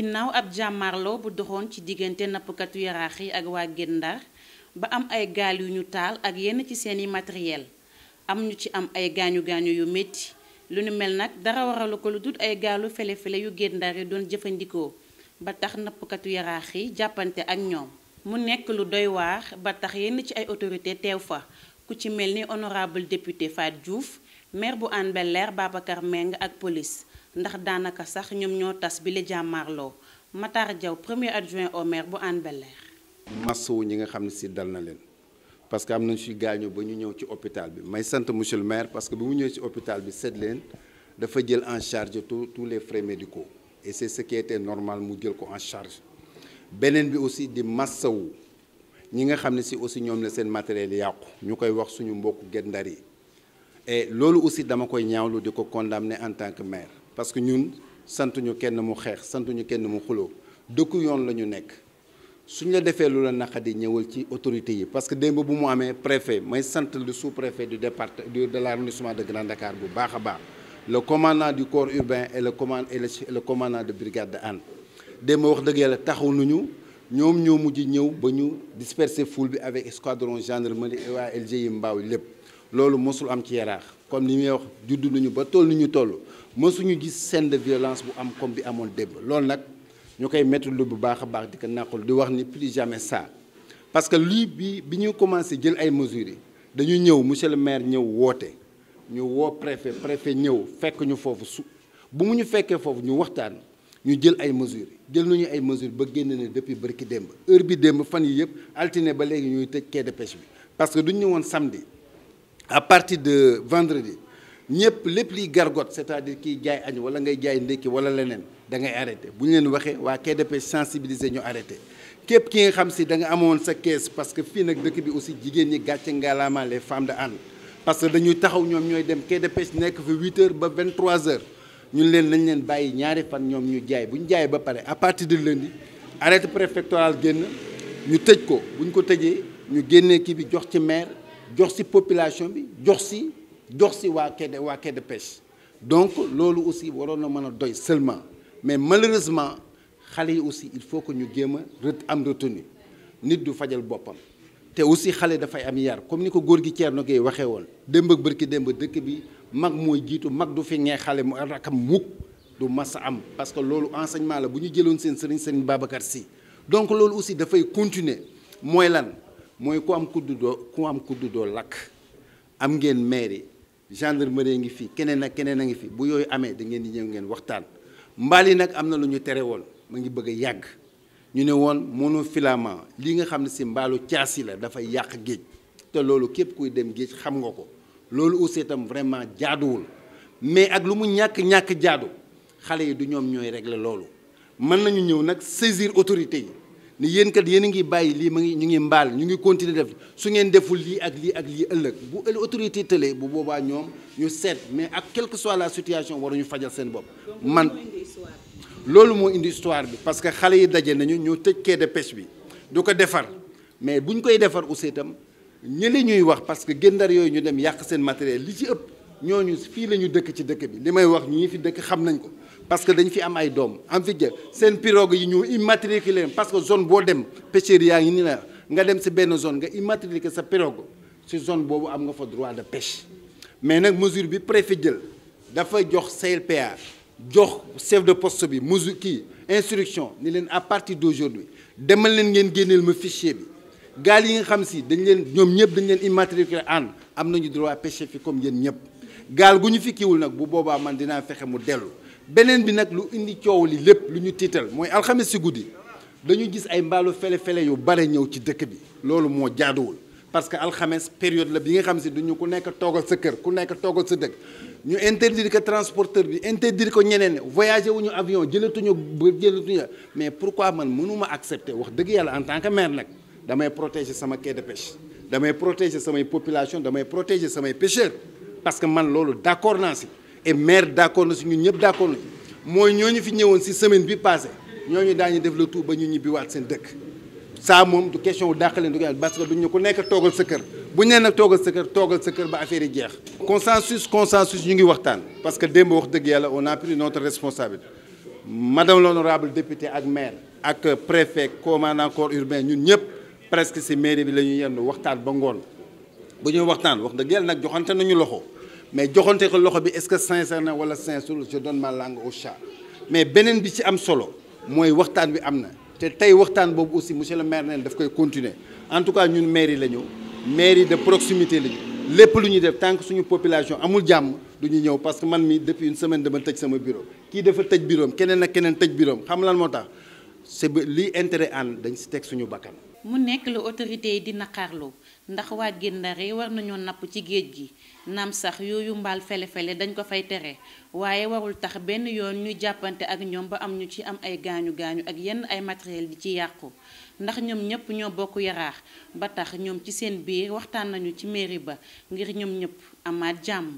ginnaaw ab jàmmarloo bu doxoon ci diggante nappkatu yaraax yi ak waa Guet Ndar ba am ay gaal yu ñu taal ak yenn ci seeni matériel am ñu ci am ay gaañu gaañu yu metti lu nu mel nag dara waralu ko lu dut ay gaalu fele-fele yu Guet Ndar yi doon jëfandikoo ba tax nappkatu yaraax yi jàppante ak ñoom mu nekk lu doy waar ba tax yenn ci ay autorité teew fa ku ci mel ni honorable député Fatou juuf maire bu Hann Bel-Air Meng ak polis ndax daanaka sax ñoom ñoo tas bi la jàmmaarloo Matar Diaw premier adjoint au maire bu Hann Bel-Air massawu ñi nga xam ne si dal na leen parce que am nañ si gaañu ba ñu ñëw ci hôpital bi may sant monsieur maire parce que bi mu ci hôpital bi seet leen dafa jël en charge tous tous les frais médicaux et c'est ce normal mu jël ko en charge beneen bi aussi di massawu ñi nga xam ne si aussi ñoom la seen matériel yàqu ñu koy wax suñu mbokk Guet Ndar yi et loolu aussi dama koy ñaawlu di ko condamner en tant que maire parce que ñun santuñu kenn mu xeex santuñu kenn mu xuloo dëkku yoon la ñu nekk suñ la defee lu la naqadi ñëwal ci autorité yi parce que démb bu mu amee préfet may sant le sous-préfet du département de l'arrondissement de Grand Dakar bu baax a baax le commandant du corps urbain et le command et le commandant de brigade de Hann démb wax dëgg yàlla taxaw nañu ñoom ñoo mujj ñëw ba ñu disperser foule bi avec escadron gendarmerie et waa LG yi mbaaw lépp loolu mosul am ci yaraax comme li muy wax judd nañu ba toll ni ñu toll mosuñu gis send de violence bu am comme bi amoon démb loolu nag ñu koy métti lu bu baax a baax di ko naqul di wax ni plus jamais ça parce que lii bi bi ñu commencé jël ay mesures yi dañu ñëw monsieur le maire ñëw woote ñu woo préfet préfet ñëw fekk ñu foofu su bu mu ñu fekkee foofu ñu waxtaan ñu jël ay mesures jël nañu ay mesures ba génn ne depuis bërki démb heure bi démb fan yi yëpp altine ba léegi ñuy tëj quai de pêche parce que duñ ñu woon samedi à partir de vendredi ñëpp lépp liy gargote cest à kiy jaay añ wala ngay jaay ndékki wala leneen dangay ngay arrêté bu ñu leen waxee waa KDP sensibiliser ñu arrêté képp ki nga xam si danga amoon sa kees parce que fii nag dëkk bi aussi jigéen ñi gàcce ngalaama les femmes de Hann parce que dañuy taxaw ñoom ñooy dem KDP nekk fa 8 heures ba 23 heures ñu leen nañ leen bàyyi ñaari fan ñoom ñu jaay bu ñu ba pare à partir de lundi arrêté préfectoral génn ñu tëj ko bu ñu ko tëjee ñu génnee kii bi jox ci maire jox si population bi jox si jox si waa quai de pêche donc loolu aussi waroon na mën a doy seulement mais malheureusement xale yi aussi il faut que ñu géem a am retenu nit du fajal boppam te aussi xale dafay am yar comme ni ko góor gi Thierno Gueye waxee woon démb ak bërki démb dëkk bi mag mooy jiitu mag du fi ngee xale mu rakam mukk du mas am parce que loolu enseignement la bu ñu jëloon seen sëriñ seen Babacar si donc loolu aussi dafay continuer mooy lan mooy ku am kudd doo ku am kudd doo lakk am ngeen genre mairie gendarmerie ngi fi keneen ak keneen a ngi fi bu yooyu amee da ngeen di ñëw ngeen waxtaan mbaal yi nag am na lu ñu tere woon ma ngi bëgg yàgg ñu ne woon filament li nga xam ne si mbaalu caas yi la dafay yàq géej te loolu képp kuy dem géej xam nga ko loolu aussi itam vraiment jaaduwul mais ak lu mu ñàkk-ñàkk jaadu xale yi du ñoom ñooy régler loolu mën nañu ñëw nag séisir autorité yi ne yéen kat yéen a ngi bàyyi lii ma ngi ñu ngi mbaal ñu ngi continuer def su ngeen deful lii ak lii ak lii ëllëg bu ëllëg autorité tëlee bu boobaa ñoom ñu seet mais ak quelle que soit la situation ñu fajal seen bopp man loolu moo indi histoire bi parce que xale yi daje nañu ñoo tëj quai de bi du ko defar mais buñ koy defar aussi itam ñële ñuy wax parce que gëndar yooyu ñu dem yàq seen matériel li ci ëpp ñooñu fii la ñu dëkk ci dëkk bi li may wax ñii fi dëkk xam nañ ko parce que dañu fi am ay doom am fi jë seen pirogue yi ñu immatriculé parce que zone boo dem pêcheurs yaa ngi ni la nga dem si benn zone nga immatriculé sa pirogue si zone boobu am nga fa droit de pêche mais nag mesure bi préfet jël dafa jox CLPA jox chef de poste bi mesure kii instruction ni leen à partir d'aujourd'hui demal leen ngeen génneel ma fichier bi gaal yi nga xam si dañ leen ñoom ñëpp dañ leen immatriculé an am nañu droit pêcher fi comme yéen ñëpp gaal gu ñu fi kiiwul nag bu boobaa man dinaa fexe mu dellu beneen bi nag lu indi coow li lépp lu ñu tiital mooy alxames si guddi dañu gis ay mbaalu fele-fele yu bare ñëw ci dëkk bi loolu moo jaaduwul parce que alxames période la bi nga xam si duñu ku nekk toogal sa kër ku nekk toogal sa dëkk ñu interdire ko transporteur bi interdire ko ñeneen voyager wuñu avion jëlatuñu ba jëlatuñu mais pourquoi man mënuma accepter wax dëgg yàlla en tant que maire nag damay protéger sama quai de damay protéger samay population damay protéger samay pêcheurs parce que man loolu d'accord naa si et maire d'accord na si ñun ñëpp d'accord na mooy ñu fi ñëwoon si semaine bi passé ñooñu ñu def le tout ba ñu ñibbiwaat seen dëkk saa moom du question wu dàqaleen du ko parce que duñ ne ku nekk toogal sa kër bu ñu nee nag toogal sa kër toogal sa kër ba affaire yi jeex. consensus consensus ñu ngi waxtaan parce que démb wax dëgg yàlla on a pris notre responsabilité madame l'honorable ak maire ak préfet commandant corps urbain ñun ñëpp presque si mairie bi la ñuy yendu waxtaan ba ngoon bu ñuy waxtaan wax dëgg yàlla nag joxante nañu loxo. mais joxante ko loxo bi est-ce que sincère na wala sincère je donne ma langue au chat mais beneen bi ci am solo mooy waxtaan wi am na te tey waxtaan boobu aussi monsieur le maire neen daf koy continuer en tout cas ñun mairie la ñu mairie de proximité la lépp lu ñuy def tant suñu population amul jàmm du ñu ñëw parce que man mi depuis une semaine dama tëj sama bureau kii dafa tëj bureau keneen ak keneen tëj bureau am xam lan moo tax c'est lii intérêt ànd dañ si teg suñu bakkan. mu nekk di naqarloo ndax waaj gi ndare war nañoo napp ci géej gi naam sax yooyu mbaal fele-fele dañ ko fay tere waaye warul tax benn yoon ñu jàppante ak ñoom ba am ñu ci am ay gaañu gaañu ak yenn ay matériel di ci yàqu ndax ñoom ñëpp ñoo bokk yaraax ba tax ñoom ci seen biir waxtaan nañu ci mairie ba ngir ñoom ñëpp amaat jàmm